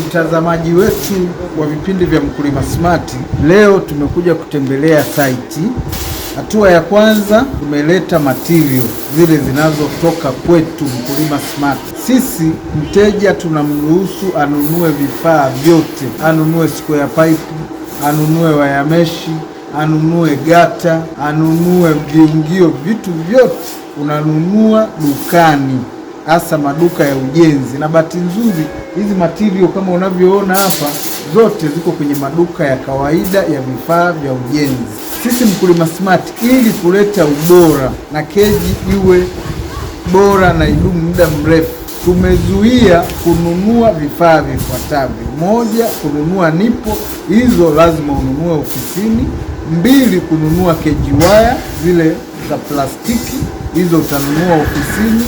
Mtazamaji wetu wa vipindi vya Mkulima Smart, leo tumekuja kutembelea saiti. Hatua ya kwanza tumeleta material zile zinazotoka kwetu Mkulima Smart. Sisi mteja tunamruhusu anunue vifaa vyote, anunue square pipe, anunue wayameshi, anunue gata, anunue viungio, vitu vyote unanunua dukani hasa maduka ya ujenzi. Na bahati nzuri hizi material kama unavyoona hapa zote ziko kwenye maduka ya kawaida ya vifaa vya ujenzi. Sisi Mkulima Smart, ili kuleta ubora na keji iwe bora na idumu muda mrefu, tumezuia kununua vifaa vifuatavyo: moja, kununua nipo, hizo lazima ununue ofisini. Mbili, kununua keji waya zile za plastiki, hizo utanunua ofisini.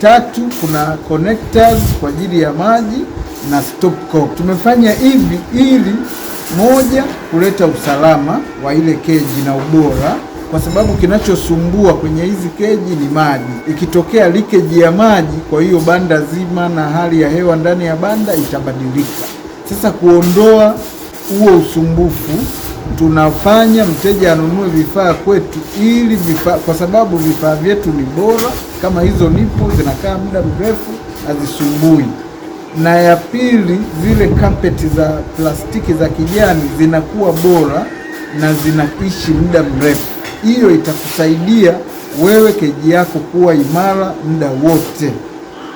Tatu, kuna connectors kwa ajili ya maji na stop cock. Tumefanya hivi ili moja, kuleta usalama wa ile keji na ubora, kwa sababu kinachosumbua kwenye hizi keji ni maji. Ikitokea likeji ya maji, kwa hiyo banda zima na hali ya hewa ndani ya banda itabadilika. Sasa kuondoa huo usumbufu tunafanya mteja anunue vifaa kwetu, ili vifaa, kwa sababu vifaa vyetu ni bora, kama hizo nipo zinakaa muda mrefu, hazisumbui. Na ya pili, zile kapeti za plastiki za kijani zinakuwa bora na zinaishi muda mrefu. Hiyo itakusaidia wewe keji yako kuwa imara muda wote.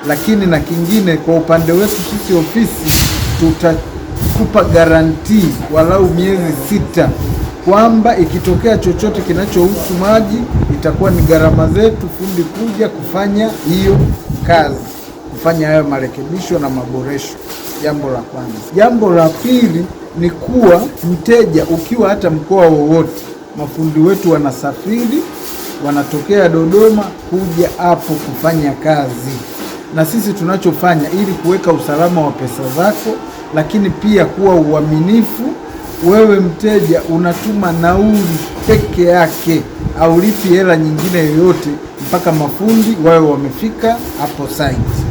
Lakini na kingine, kwa upande wetu sisi ofisi tuta kupa garantii walau miezi sita kwamba ikitokea chochote kinachohusu maji itakuwa ni gharama zetu fundi kuja kufanya hiyo kazi, kufanya hayo marekebisho na maboresho. Jambo la kwanza. Jambo la pili ni kuwa mteja, ukiwa hata mkoa wowote, mafundi wetu wanasafiri, wanatokea Dodoma kuja hapo kufanya kazi, na sisi tunachofanya ili kuweka usalama wa pesa zako lakini pia kuwa uaminifu. Wewe mteja unatuma nauli peke yake, aulipi hela nyingine yoyote mpaka mafundi wawe wamefika hapo site.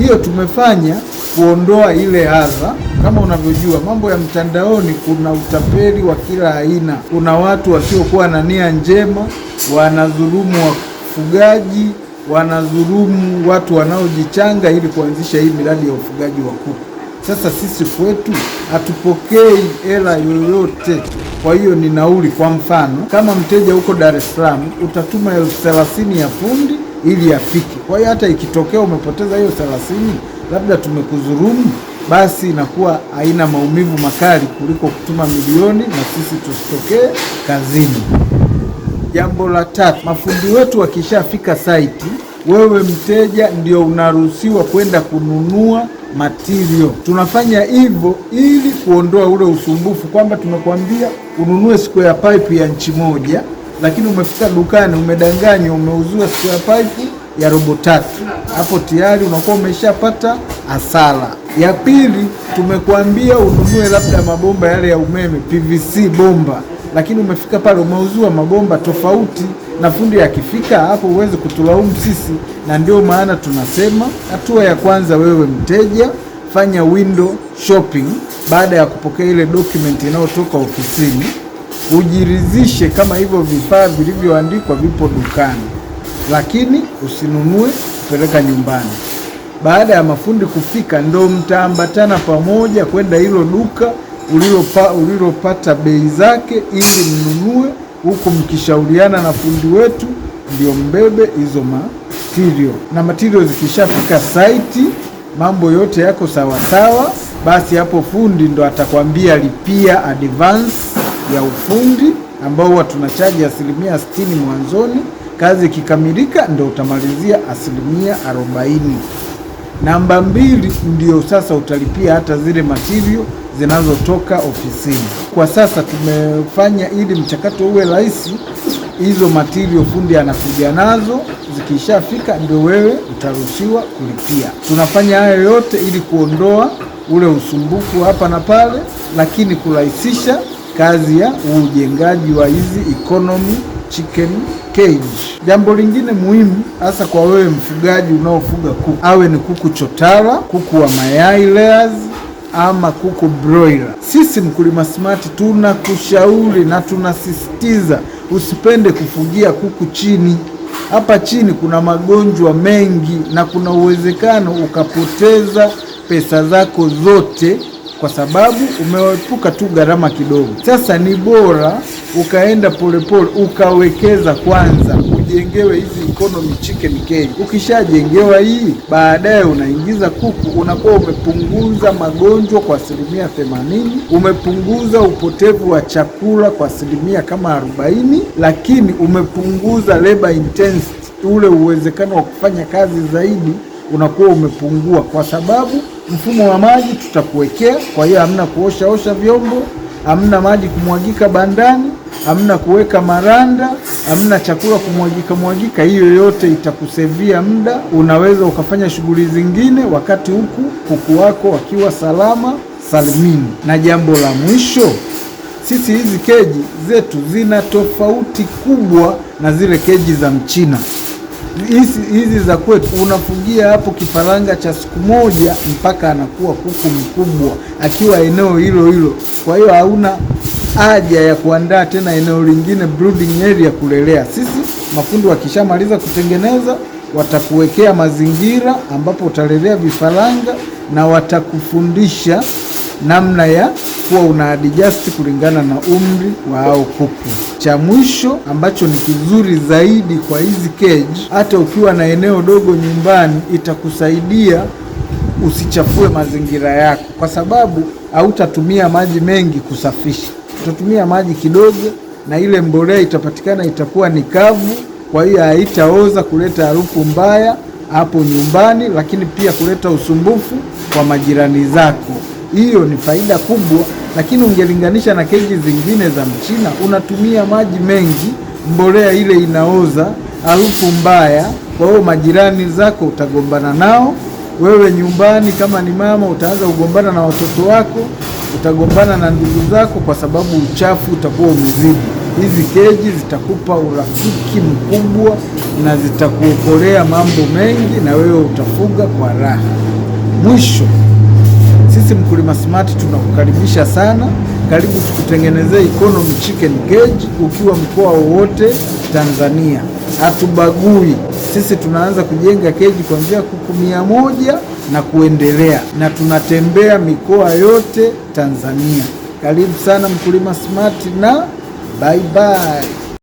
Hiyo tumefanya kuondoa ile adha. Kama unavyojua mambo ya mtandaoni, kuna utapeli wa kila aina. Kuna watu wasiokuwa na nia njema, wanadhulumu wafugaji, wanadhulumu watu wanaojichanga ili kuanzisha hii miradi ya ufugaji wa kuku. Sasa sisi kwetu hatupokei hela yoyote, kwa hiyo ni nauli. Kwa mfano, kama mteja huko Dar es Salaam utatuma elfu thelathini ya fundi ili afike. Kwa hiyo hata ikitokea umepoteza hiyo thelathini, labda tumekudhulumu, basi inakuwa haina maumivu makali kuliko kutuma milioni na sisi tusitokee kazini. Jambo la tatu, mafundi wetu wakishafika saiti, wewe mteja ndio unaruhusiwa kwenda kununua material. Tunafanya hivyo ili kuondoa ule usumbufu kwamba tumekwambia ununue square pipe ya nchi moja, lakini umefika dukani umedanganywa, umeuzua square pipe ya robo tatu. Hapo tayari unakuwa umeshapata hasara. Ya pili, tumekuambia ununue labda mabomba yale ya umeme PVC bomba, lakini umefika pale umeuzua mabomba tofauti na fundi akifika hapo huwezi kutulaumu sisi, na ndio maana tunasema hatua ya kwanza, wewe mteja, fanya window shopping. Baada ya kupokea ile dokumenti inayotoka ofisini, ujiridhishe kama hivyo vifaa vilivyoandikwa vipo dukani, lakini usinunue kupeleka nyumbani. Baada ya mafundi kufika, ndo mtaambatana pamoja kwenda hilo duka ulilopata bei zake ili mnunue huku mkishauriana na fundi wetu ndio mbebe hizo matirio, na matirio zikishafika saiti, mambo yote yako sawasawa sawa, basi hapo fundi ndo atakwambia lipia advance ya ufundi ambao huwa tunachaji asilimia sitini mwanzoni. Kazi ikikamilika ndo utamalizia asilimia arobaini. Namba mbili, ndio sasa utalipia hata zile matirio zinazotoka ofisini. Kwa sasa tumefanya ili mchakato uwe rahisi, hizo matirio fundi anakuja nazo, zikishafika ndio wewe utarushiwa kulipia. Tunafanya hayo yote ili kuondoa ule usumbufu hapa na pale, lakini kurahisisha kazi ya ujengaji wa hizi economy chicken cage. Jambo lingine muhimu hasa kwa wewe mfugaji unaofuga kuku, awe ni kuku chotara, kuku wa mayai layers ama kuku broiler. Sisi Mkulima Smart tunakushauri na tunasisitiza usipende kufugia kuku chini. Hapa chini kuna magonjwa mengi na kuna uwezekano ukapoteza pesa zako zote kwa sababu umeepuka tu gharama kidogo. Sasa ni bora ukaenda polepole ukawekeza kwanza ujengewe hizi economy chicken cage. Ukishajengewa hii, baadaye unaingiza kuku, unakuwa umepunguza magonjwa kwa asilimia themanini, umepunguza upotevu wa chakula kwa asilimia kama arobaini, lakini umepunguza labor intensity, ule uwezekano wa kufanya kazi zaidi unakuwa umepungua, kwa sababu mfumo wa maji tutakuwekea, kwa hiyo hamna kuosha osha vyombo hamna maji kumwagika bandani, hamna kuweka maranda, hamna chakula kumwagika mwagika. Hiyo yote itakusevia muda, unaweza ukafanya shughuli zingine, wakati huku kuku wako wakiwa salama salimini. Na jambo la mwisho, sisi hizi keji zetu zina tofauti kubwa na zile keji za Mchina hizi za kwetu unafugia hapo kifaranga cha siku moja mpaka anakuwa kuku mkubwa akiwa eneo hilo hilo. Kwa hiyo hauna haja ya kuandaa tena eneo lingine brooding area kulelea. Sisi mafundi wakishamaliza kutengeneza, watakuwekea mazingira ambapo utalelea vifaranga na watakufundisha namna ya kuwa una adjust kulingana na umri wa hao kuku. Cha mwisho ambacho ni kizuri zaidi kwa hizi cage, hata ukiwa na eneo dogo nyumbani, itakusaidia usichafue mazingira yako, kwa sababu hautatumia maji mengi kusafisha, utatumia maji kidogo, na ile mbolea itapatikana itakuwa ni kavu, kwa hiyo haitaoza kuleta harufu mbaya hapo nyumbani, lakini pia kuleta usumbufu kwa majirani zako hiyo ni faida kubwa, lakini ungelinganisha na keji zingine za mchina, unatumia maji mengi, mbolea ile inaoza, harufu mbaya. Kwa hiyo majirani zako utagombana nao, wewe nyumbani kama ni mama utaanza kugombana na watoto wako, utagombana na ndugu zako, kwa sababu uchafu utakuwa umezidi. Hizi keji zitakupa urafiki mkubwa na zitakuokolea mambo mengi, na wewe utafuga kwa raha. Mwisho. Sisi Mkulima Smart tunakukaribisha sana, karibu tukutengenezee economy chicken cage ukiwa mkoa wowote Tanzania. Hatubagui, sisi tunaanza kujenga keji kuanzia kuku mia moja na kuendelea, na tunatembea mikoa yote Tanzania. Karibu sana Mkulima Smart na bye bye.